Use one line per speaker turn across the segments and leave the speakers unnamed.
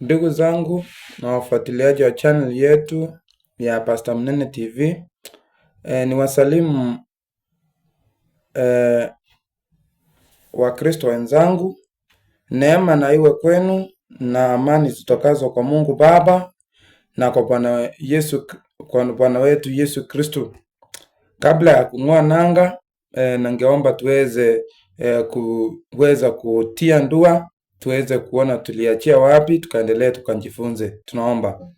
Ndugu zangu na wafuatiliaji wa channel yetu ya Pastor Mnene TV e, eh, ni wasalimu e, eh, Wakristo wenzangu, neema na iwe kwenu na amani zitokazo kwa Mungu Baba na kwa Bwana Yesu, kwa Bwana wetu Yesu Kristo. Kabla ya kung'oa nanga e, eh, nangeomba tuweze e, kuweza kutia ndua tuweze kuona tuliachia wapi, tukaendelee tukajifunze. Tunaomba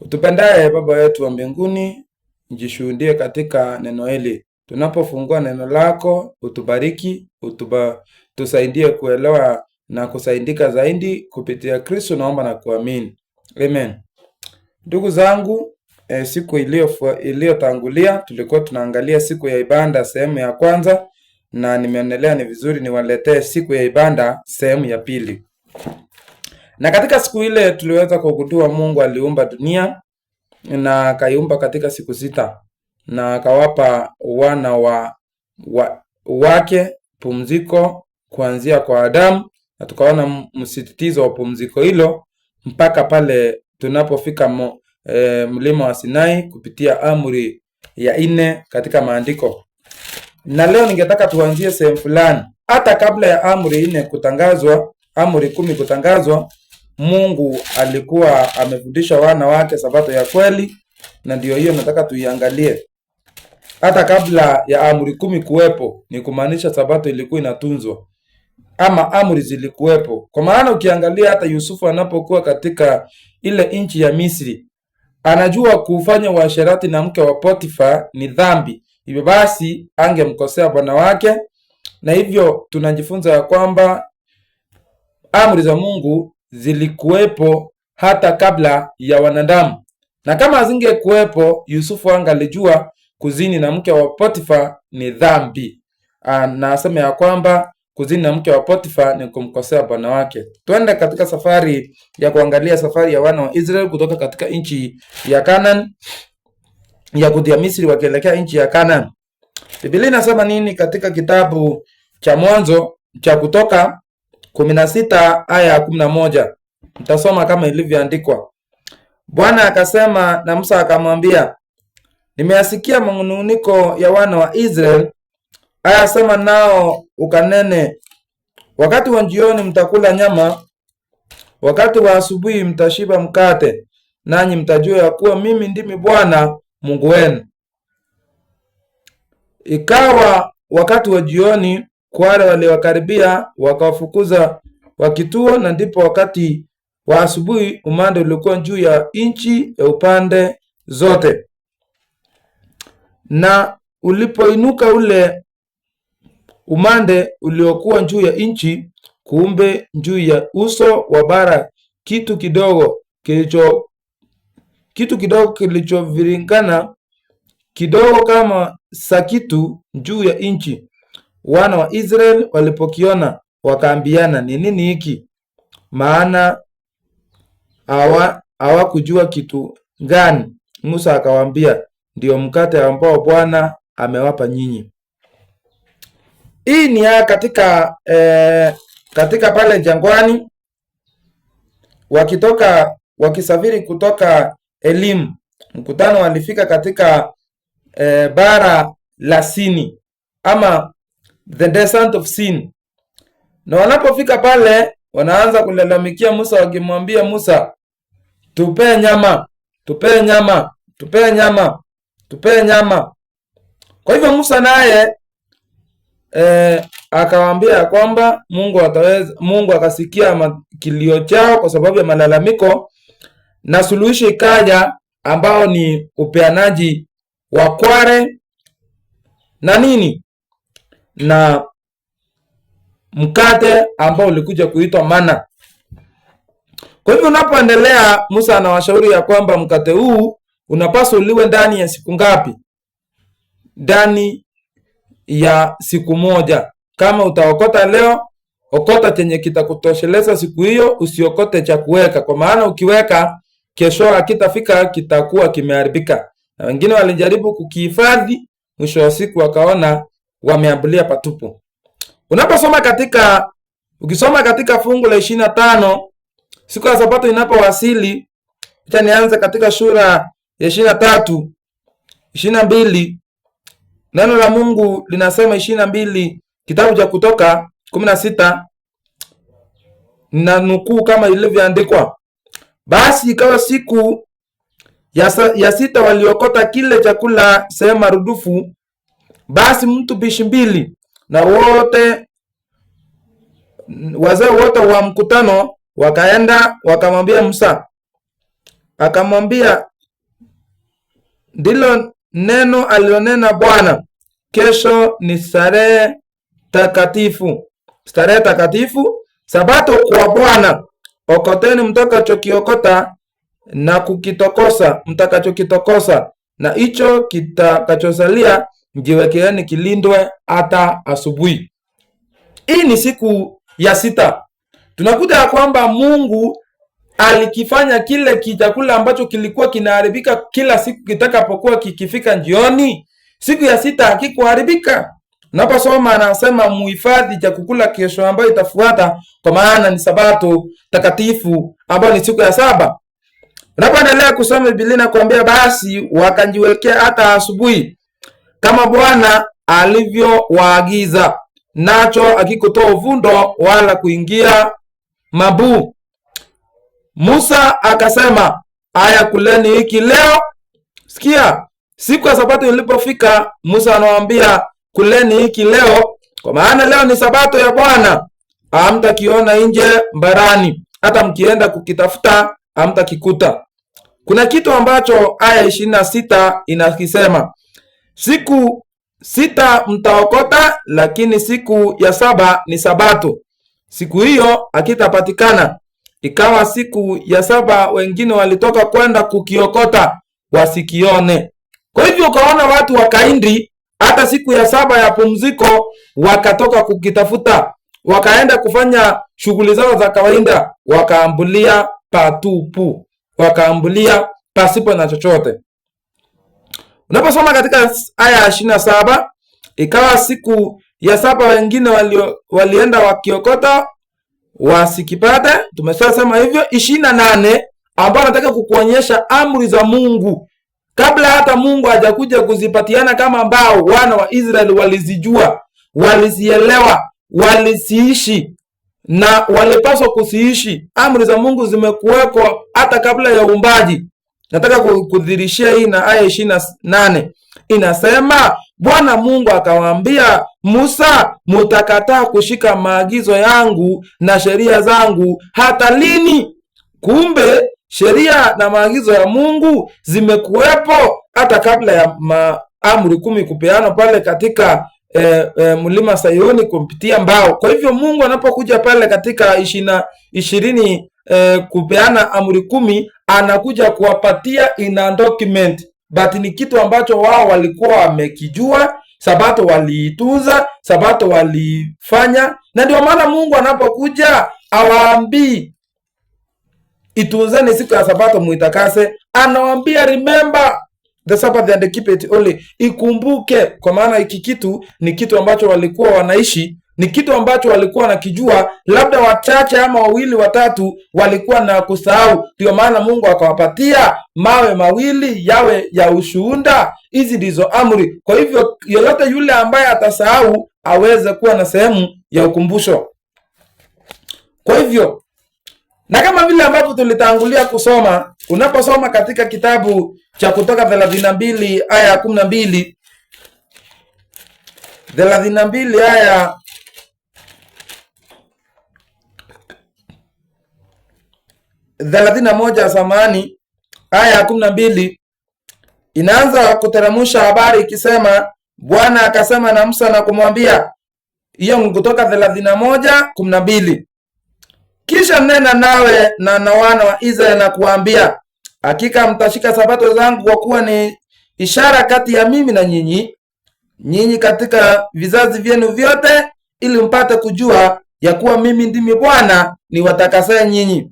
utupendaye Baba yetu wa mbinguni, jishuhudie katika neno hili tunapofungua neno lako, utubariki utuba, tusaidie kuelewa na kusaidika zaidi kupitia Kristo. Naomba na kuamini, amen. Ndugu zangu, e, siku iliyotangulia tulikuwa tunaangalia siku ya ibada sehemu ya kwanza, na nimeonelea ni vizuri niwaletee siku ya ibada sehemu ya pili. Na katika siku ile tuliweza kugundua Mungu aliumba dunia na akaiumba katika siku sita na akawapa wana wa, wa wake pumziko kuanzia kwa Adamu, na tukaona msisitizo wa pumziko hilo mpaka pale tunapofika mlima e, eh, mlima wa Sinai kupitia amri ya nne katika maandiko na leo ningetaka tuanzie sehemu fulani. Hata kabla ya amri nne kutangazwa, amri kumi kutangazwa, Mungu alikuwa amefundisha wana wake sabato ya kweli, na ndio hiyo nataka tuiangalie. Hata kabla ya amri kumi kuwepo, ni kumaanisha sabato ilikuwa inatunzwa ama amri zilikuwepo. Kwa maana ukiangalia hata Yusufu anapokuwa katika ile nchi ya Misri, anajua kufanya uasherati na mke wa Potifa ni dhambi, Hivyo basi angemkosea bwana wake, na hivyo tunajifunza ya kwamba amri za Mungu zilikuwepo hata kabla ya wanadamu, na kama hazingekuwepo, Yusufu angalijua kuzini na mke wa Potifa ni dhambi. Anasema ah, ya kwamba kuzini na mke wa Potifa ni kumkosea bwana wake. Twende katika safari ya kuangalia safari ya wana wa Israeli kutoka katika nchi ya Kanaan ya kutia Misri wakielekea nchi ya Kanaan. Biblia inasema nini katika kitabu cha Mwanzo cha Kutoka kumi na sita aya ya kumi na moja? Mtasoma kama ilivyoandikwa. Bwana akasema na Musa akamwambia, nimeyasikia manununiko ya wana wa Israeli, aya sema nao ukanene, wakati wa jioni mtakula nyama, wakati wa asubuhi mtashiba mkate, nanyi mtajua ya kuwa mimi ndimi Bwana Mungu wenu. Ikawa wakati wa jioni, kware waliwakaribia wakawafukuza wakituo, na ndipo wakati wa asubuhi umande ulikuwa juu ya nchi ya upande zote, na ulipoinuka ule umande uliokuwa juu ya nchi, kumbe juu ya uso wa bara kitu kidogo kilicho kitu kidogo kilichoviringana kidogo kama sakitu juu ya nchi. Wana wa Israeli walipokiona wakaambiana, ni nini hiki? Maana hawakujua kitu gani. Musa akawaambia, ndio mkate ambao Bwana amewapa nyinyi. Hii ni ya katika eh, katika pale jangwani wakitoka wakisafiri kutoka elimu. Mkutano walifika katika e, bara la Sini ama the descent of Sin, na wanapofika pale wanaanza kulalamikia Musa wakimwambia Musa, tupee nyama, tupee nyama, tupee nyama, tupee nyama. Kwa hivyo Musa naye e, akawaambia kwamba Mungu ataweza, Mungu akasikia kilio chao kwa sababu ya malalamiko na suluhisho ikaja ambao ni upeanaji wa kware na nini na mkate ambao ulikuja kuitwa mana. Kwa hivyo unapoendelea, Musa anawashauri ya kwamba mkate huu unapaswa uliwe ndani ya siku ngapi? Ndani ya siku moja. Kama utaokota leo, okota chenye kitakutosheleza siku hiyo, usiokote cha kuweka, kwa maana ukiweka kesho akitafika kitakuwa kimeharibika. Na wengine walijaribu kukihifadhi, mwisho wa siku wakaona wameambulia patupu. Unaposoma katika ukisoma katika fungu la ishirini na tano siku ya Sabato inapowasili, acha nianze katika sura ya ishirini na tatu ishirini na mbili Neno la Mungu linasema ishirini na mbili kitabu cha Kutoka kumi na sita na nukuu kama ilivyoandikwa basi ikawa siku ya, sa, ya sita waliokota kile chakula sehemu marudufu, basi mtu bishi mbili, na wote wazee wote wa mkutano wakaenda wakamwambia Musa, akamwambia ndilo neno alilonena Bwana, kesho ni starehe takatifu, starehe takatifu, sabato kwa Bwana okoteni mtakachokiokota na kukitokosa mtakachokitokosa, na hicho kitakachosalia mjiwekeeni kilindwe hata asubuhi. Hii ni siku ya sita. Tunakuta ya kwamba Mungu alikifanya kile kichakula ambacho kilikuwa kinaharibika kila siku kitakapokuwa kikifika jioni, siku ya sita hakikuharibika. Naposoma anasema muhifadhi kukula kesho ambayo itafuata, kwa maana ni sabato takatifu ambayo ni siku ya saba. Unapoendelea kusoma Biblia na kuambia, basi wakajiwekea hata asubuhi kama Bwana alivyowaagiza, nacho akikutoa uvundo wala kuingia mabuu. Musa akasema, haya kuleni hiki leo. Sikia, siku ya sabato ilipofika, Musa anawaambia kuleni hiki leo, kwa maana leo ni sabato ya Bwana. Hamtakiona nje barani, hata mkienda kukitafuta hamtakikuta. Kuna kitu ambacho aya ishirini na sita inakisema, siku sita mtaokota, lakini siku ya saba ni sabato, siku hiyo hakitapatikana. Ikawa siku ya saba wengine walitoka kwenda kukiokota wasikione. Kwa hivyo ukaona watu wa Kaindi hata siku ya saba ya pumziko wakatoka kukitafuta, wakaenda kufanya shughuli zao za kawaida, wakaambulia patupu, wakaambulia pasipo na chochote. Unaposoma katika aya ya ishirini na saba ikawa siku ya saba wengine walio, walienda wakiokota wasikipate. Tumeshasema hivyo. ishirini na nane ambao anataka kukuonyesha amri za Mungu kabla hata Mungu hajakuja kuzipatiana kama ambao wana wa Israeli walizijua, walizielewa, waliziishi na walipaswa kuziishi. Amri za Mungu zimekuwekwa hata kabla ya uumbaji. Nataka kudhirishia hii na aya ishirini na nane inasema, Bwana Mungu akawaambia Musa, mutakataa kushika maagizo yangu na sheria zangu hata lini? Kumbe sheria na maagizo ya Mungu zimekuwepo hata kabla ya amri kumi kupeana pale katika E, e, mlima Sayuni kupitia mbao. Kwa hivyo Mungu anapokuja pale katika ishina ishirini e, kupeana amri kumi, anakuja kuwapatia ina document, but ni kitu ambacho wao walikuwa wamekijua. Sabato waliituza, sabato walifanya, na ndio maana Mungu anapokuja awaambii itunzeni siku ya sabato muitakase. anawambia remember the Sabbath and keep it holy, ikumbuke. Kwa maana hiki kitu ni kitu ambacho walikuwa wanaishi, ni kitu ambacho walikuwa wanakijua, labda wachache ama wawili watatu walikuwa na kusahau. Ndio maana Mungu akawapatia mawe mawili yawe ya ushuhuda, hizi ndizo amri. Kwa hivyo yoyote yule ambaye atasahau aweze kuwa na sehemu ya ukumbusho. Kwa hivyo na kama vile ambavyo tulitangulia kusoma, unaposoma katika kitabu cha Kutoka 32 aya ya 12, 32 aya thelathini na moja samani aya ya kumi na mbili inaanza kuteremsha habari ikisema, Bwana akasema na Musa na kumwambia. Hiyo Kutoka thelathini na moja kumi na mbili kisha nena nawe na na wana wa Israeli na kuambia, hakika mtashika sabato zangu, kwa kuwa ni ishara kati ya mimi na nyinyi nyinyi katika vizazi vyenu vyote, ili mpate kujua ya kuwa mimi ndimi Bwana ni watakasaye nyinyi.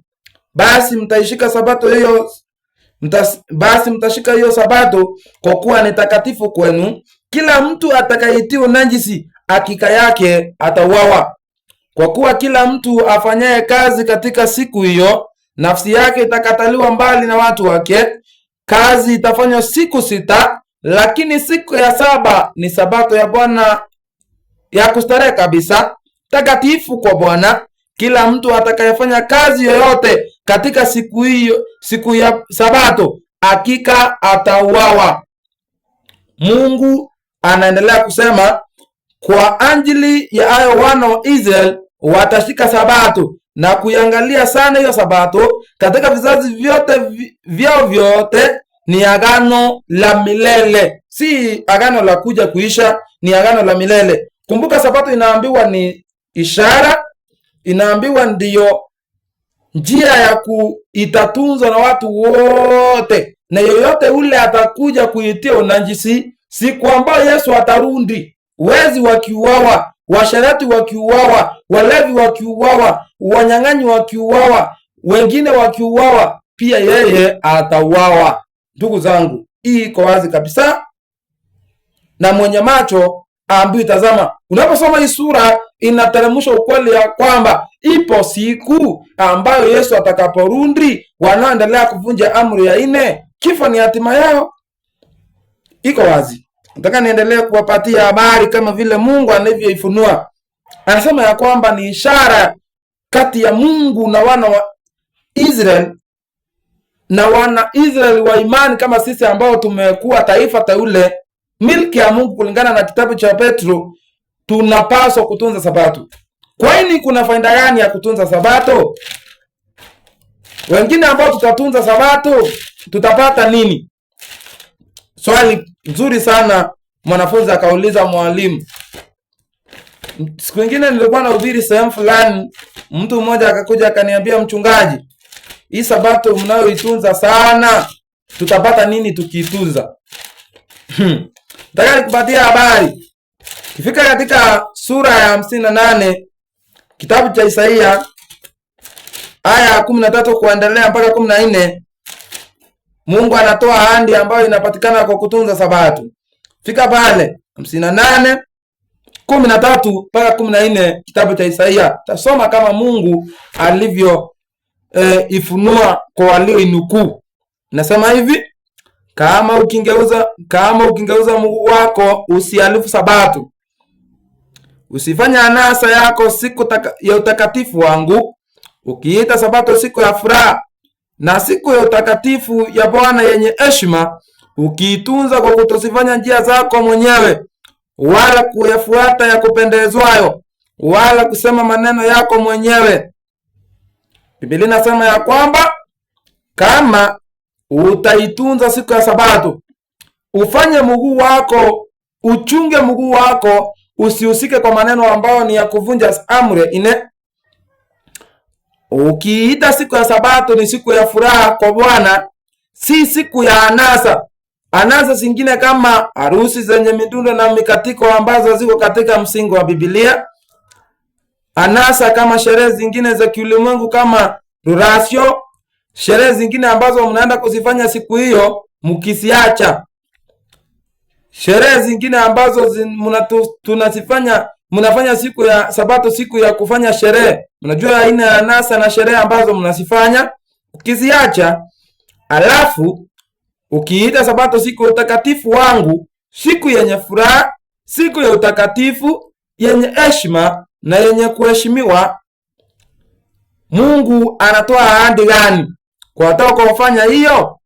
Basi mtaishika sabato hiyo mtas, basi mtashika hiyo sabato kwa kuwa ni takatifu kwenu. Kila mtu atakayetiwa najisi hakika yake atauawa. Kwa kuwa kila mtu afanyaye kazi katika siku hiyo, nafsi yake itakataliwa mbali na watu wake. Kazi itafanywa siku sita, lakini siku ya saba ni sabato ya Bwana ya kustarehe kabisa, takatifu kwa Bwana. Kila mtu atakayefanya kazi yoyote katika siku hiyo, siku ya sabato, hakika atauawa. Mungu anaendelea kusema kwa ajili ya hayo wana wa Israeli watashika sabato na kuiangalia sana hiyo sabato katika vizazi vyote vyao vyote ni agano la milele, si agano la kuja kuisha, ni agano la milele. Kumbuka, sabato inaambiwa ni ishara, inaambiwa ndiyo njia ya ku itatunzwa na watu wote, na yoyote ule atakuja kuitia unajisi. Siku ambayo Yesu atarundi wezi wakiuawa, washarati wakiuawa, walevi wakiuawa, wanyang'anyi wakiuawa, wengine wakiuawa, pia yeye atauawa. Ndugu zangu, hii iko wazi kabisa, na mwenye macho aambiwi tazama. Unaposoma hii sura inateremsha ukweli ya kwamba ipo siku ambayo Yesu atakaporudi, wanaoendelea kuvunja amri ya nne, kifo ni hatima yao. Iko wazi nataka niendelee kuwapatia habari kama vile Mungu anavyoifunua. Anasema ya kwamba ni ishara kati ya Mungu na wana wa Israel na wana Israel wa imani kama sisi ambao tumekuwa taifa teule, milki ya Mungu kulingana na kitabu cha Petro, tunapaswa kutunza Sabato. Kwani kuna faida gani ya kutunza Sabato? Wengine ambao tutatunza Sabato tutapata nini? Swali nzuri sana. Mwanafunzi akauliza mwalimu, siku nyingine nilikuwa na udhiri sehemu fulani, mtu mmoja akakuja akaniambia, mchungaji, hii sabato mnayoitunza sana, tutapata nini tukiitunza? Hmm. Nataka nikupatia habari. Kifika katika sura ya hamsini na nane kitabu cha Isaia aya ya kumi na tatu kuendelea mpaka kumi na nne Mungu anatoa ahadi ambayo inapatikana kwa kutunza sabato. Fika pale 58 na nane kumi na tatu mpaka kumi na nne kitabu cha Isaia, tasoma kama Mungu alivyo e, ifunua kwa walioinukuu. Nasema hivi kama ukingeuza kama ukingeuza Mungu wako usialifu sabato, usifanya anasa yako siku taka, ya utakatifu wangu, ukiita sabato siku ya furaha na siku ya utakatifu ya Bwana yenye heshima, ukiitunza kwa kutozifanya njia zako mwenyewe, wala kuyafuata ya kupendezwayo, wala kusema maneno yako mwenyewe. Biblia inasema ya kwamba kama utaitunza siku ya Sabato, ufanye mguu wako, uchunge mguu wako, usihusike kwa maneno ambayo ni ya kuvunja amri ine Ukiita siku ya Sabato ni siku ya furaha kwa Bwana, si siku ya anasa. Anasa zingine kama harusi zenye midundo na mikatiko ambazo ziko katika msingi wa Biblia, anasa kama sherehe zingine za kiulimwengu kama rurasio, sherehe zingine ambazo mnaenda kuzifanya siku hiyo mkisiacha sherehe zingine ambazo tunazifanya mnafanya siku ya Sabato, siku ya kufanya sherehe. Mnajua aina ya nasa na sherehe ambazo mnazifanya, ukiziacha alafu ukiita Sabato siku ya utakatifu wangu, siku yenye furaha, siku ya utakatifu yenye heshima na yenye kuheshimiwa, Mungu anatoa ahadi gani kwa watakaofanya hiyo?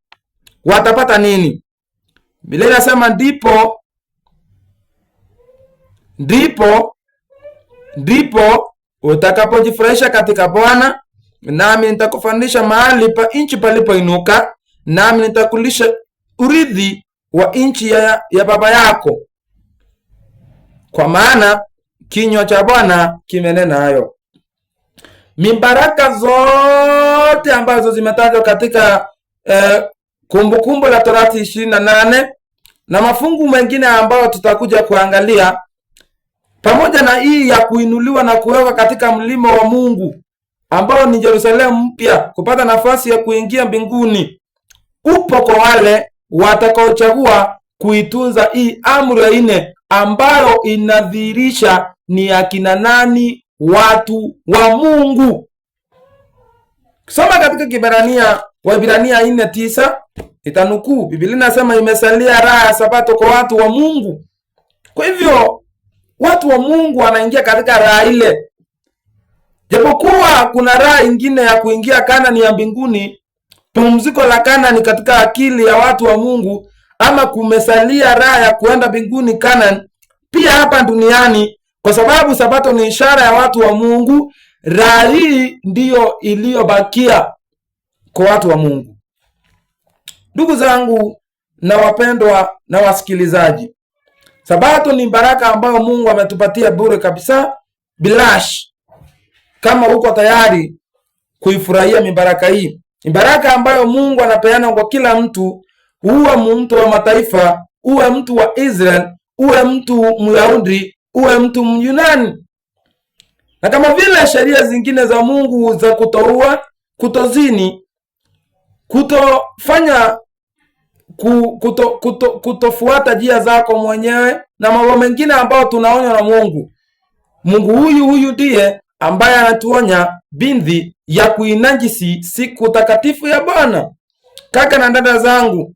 Watapata nini? Biblia inasema ndipo ndipo ndipo utakapojifurahisha katika Bwana, nami nitakufandisha mahali pa nchi palipoinuka, nami nitakulisha urithi wa nchi ya, ya baba yako, kwa maana kinywa cha Bwana kimenena hayo. Mibaraka zote ambazo zimetajwa katika eh, Kumbukumbu la Torati ishirini na nane na mafungu mengine ambayo tutakuja kuangalia pamoja na hii ya kuinuliwa na kuwekwa katika mlima wa Mungu ambao ni Yerusalemu mpya, kupata nafasi ya kuingia mbinguni, upo kwa wale watakaochagua kuitunza hii amri ya nne ambayo inadhihirisha ni akina nani watu wa Mungu. Soma katika Kibrania, Waibrania 4:9 itanukuu Biblia inasema, imesalia raha ya sabato kwa watu wa Mungu. Kwa hivyo watu wa Mungu wanaingia katika raha ile, japokuwa kuna raha ingine ya kuingia Kanani ya mbinguni, pumziko la Kanani katika akili ya watu wa Mungu, ama kumesalia raha ya kuenda mbinguni Kanani pia hapa duniani, kwa sababu sabato ni ishara ya watu wa Mungu. Raha hii ndiyo iliyobakia kwa watu wa Mungu. Ndugu zangu na wapendwa na wasikilizaji, Sabato ni baraka ambayo Mungu ametupatia bure kabisa bilash, kama uko tayari kuifurahia mibaraka hii. Ni baraka ambayo Mungu anapeana kwa kila mtu, uwe mtu wa mataifa, uwe mtu wa Israel, uwe mtu Myahudi, uwe mtu Myunani. Na kama vile sheria zingine za Mungu za kutoua, kutozini, kutofanya kuto, kuto, kutofuata njia zako mwenyewe na mambo mengine ambayo tunaonywa na Mungu. Mungu huyu huyu ndiye ambaye anatuonya bindhi ya kuinajisi siku takatifu ya Bwana. Kaka na dada zangu,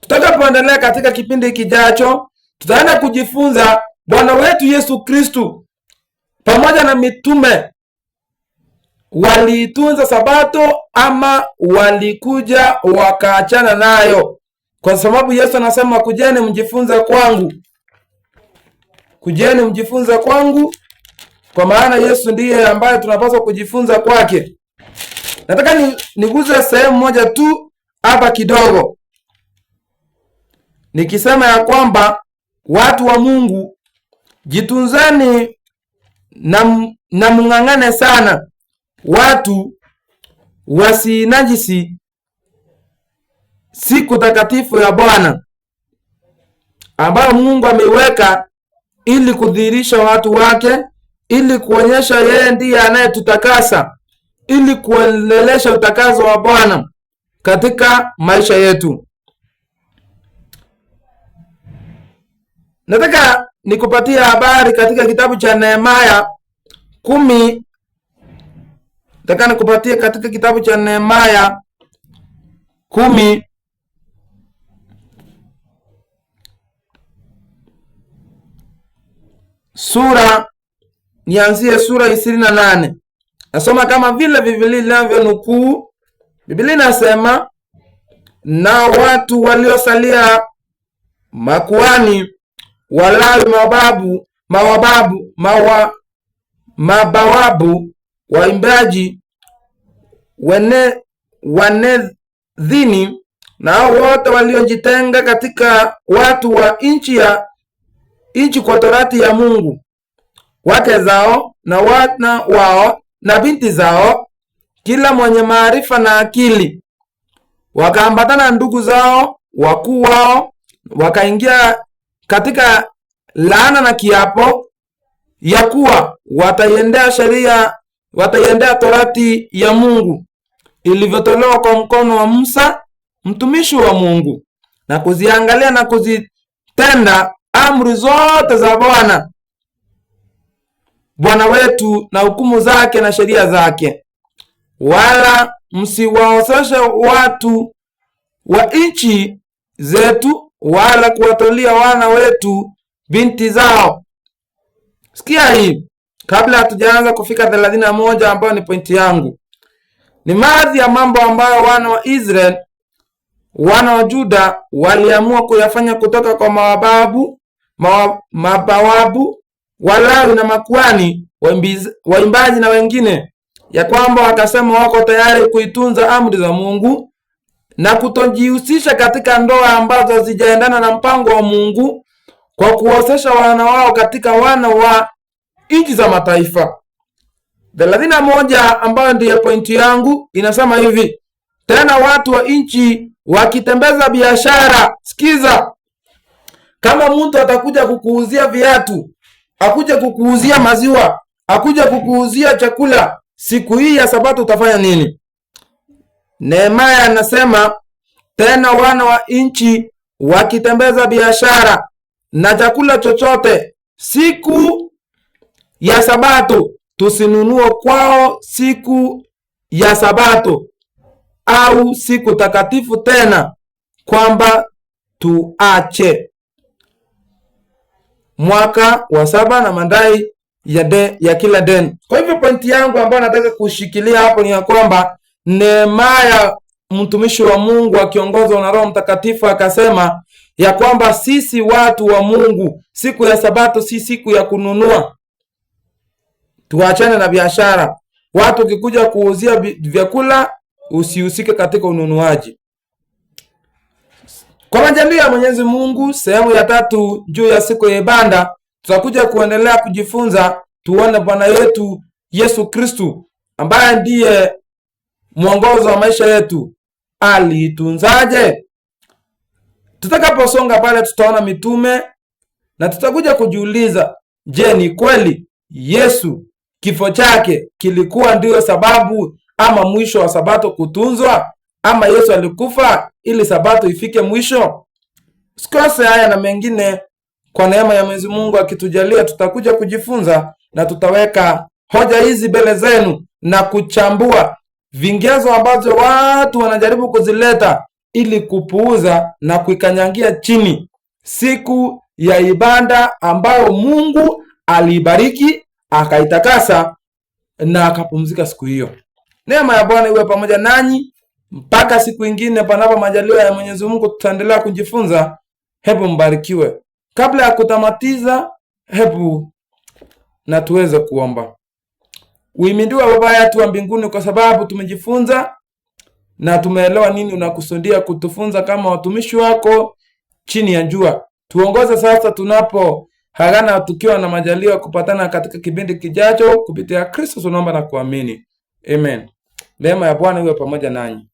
tutakapoendelea katika kipindi kijacho, tutaenda kujifunza Bwana wetu Yesu Kristu pamoja na mitume waliitunza Sabato ama walikuja wakaachana nayo? kwa sababu Yesu anasema kujeni mjifunze kwangu, kujeni mjifunze kwangu, kwa maana Yesu ndiye ambaye tunapaswa kujifunza kwake. Nataka ni, niguze sehemu moja tu hapa kidogo, nikisema ya kwamba watu wa Mungu jitunzeni na, na mng'ang'ane sana watu wasinajisi siku takatifu ya Bwana ambayo Mungu ameiweka ili kudhihirisha watu wake, ili kuonyesha yeye ndiye anayetutakasa, ili kuendelesha utakaso wa Bwana katika maisha yetu. Nataka nikupatia habari katika kitabu cha Nehemia kumi. Nataka nikupatie katika kitabu cha Nehemia kumi sura nianzie sura ishirini na nane nasoma kama vile Biblia nukuu Biblia inasema na watu waliosalia makuani, Walawi, mababu mawababu mawa, mabawabu waimbaji wene wanedhini, nao wote waliojitenga katika watu wa nchi ya nchi kwa torati ya Mungu, wake zao na wana wao na binti zao, kila mwenye maarifa na akili. Wakaambatana ndugu zao wakuu wao, wakaingia katika laana na kiapo ya kuwa wataiendea sheria, wataiendea torati ya Mungu ilivyotolewa kwa mkono wa Musa mtumishi wa Mungu na kuziangalia na kuzitenda amri zote za Bwana Bwana wetu na hukumu zake na sheria zake, wala msiwaoseshe watu wa nchi zetu, wala kuwatolia wana wetu binti zao. Sikia hii kabla hatujaanza kufika thelathini na moja ambayo ni pointi yangu. Ni baadhi ya mambo ambayo wana wa Israeli wana wa Juda waliamua kuyafanya kutoka kwa mababu ma, mabawabu, walawi na makuani, waimbaji na wengine, ya kwamba wakasema wako tayari kuitunza amri za Mungu na kutojihusisha katika ndoa ambazo hazijaendana na mpango wa Mungu kwa kuwezesha wana wao katika wana wa nchi za mataifa. Thelathini na moja ambayo ndiyo pointi yangu inasema hivi: tena watu wa nchi wakitembeza biashara, sikiza, kama mtu atakuja kukuuzia viatu, akuja kukuuzia maziwa, akuja kukuuzia chakula, siku hii ya Sabato utafanya nini? Nehemaya anasema tena, wana wa nchi wakitembeza biashara na chakula chochote siku ya Sabato tusinunue kwao siku ya Sabato au siku takatifu tena, kwamba tuache mwaka wa saba na mandai ya de, ya kila deni. Kwa hivyo pointi yangu ambayo nataka kushikilia hapo ni ya kwamba neema ya mtumishi wa Mungu akiongozwa na Roho Mtakatifu akasema ya kwamba sisi watu wa Mungu, siku ya Sabato si siku ya kununua. Tuachane na biashara. Watu ukikuja kuuzia vyakula, usihusike katika ununuaji. Kwa majaliwa ya Mwenyezi Mungu, sehemu ya tatu juu ya siku ya ibada, tutakuja kuendelea kujifunza, tuone Bwana yetu Yesu Kristu ambaye ndiye mwongozo wa maisha yetu aliitunzaje. Tutakaposonga pale, tutaona mitume na tutakuja kujiuliza, je, ni kweli Yesu kifo chake kilikuwa ndiyo sababu ama mwisho wa sabato kutunzwa? ama Yesu alikufa ili sabato ifike mwisho? Sikose haya na mengine, kwa neema ya Mwenyezi Mungu akitujalia, tutakuja kujifunza na tutaweka hoja hizi mbele zenu na kuchambua vingezo ambazo watu wanajaribu kuzileta ili kupuuza na kuikanyangia chini siku ya ibada ambayo Mungu aliibariki akaitakasa na akapumzika siku hiyo. Neema ya Bwana iwe pamoja nanyi. Mpaka siku ingine, panapo majaliwa ya Mwenyezi Mungu, tutaendelea kujifunza. Hebu mbarikiwe. Kabla ya kutamatiza, hebu na tuweze kuomba. Uimidiwe Baba yetu wa mbinguni, kwa sababu tumejifunza na tumeelewa nini unakusudia kutufunza kama watumishi wako chini ya jua. Tuongoze sasa tunapo hagana, tukiwa na majaliwa kupatana katika kipindi kijacho. Kupitia Kristo tunaomba na kuamini, amen. Neema ya Bwana iwe pamoja nanyi.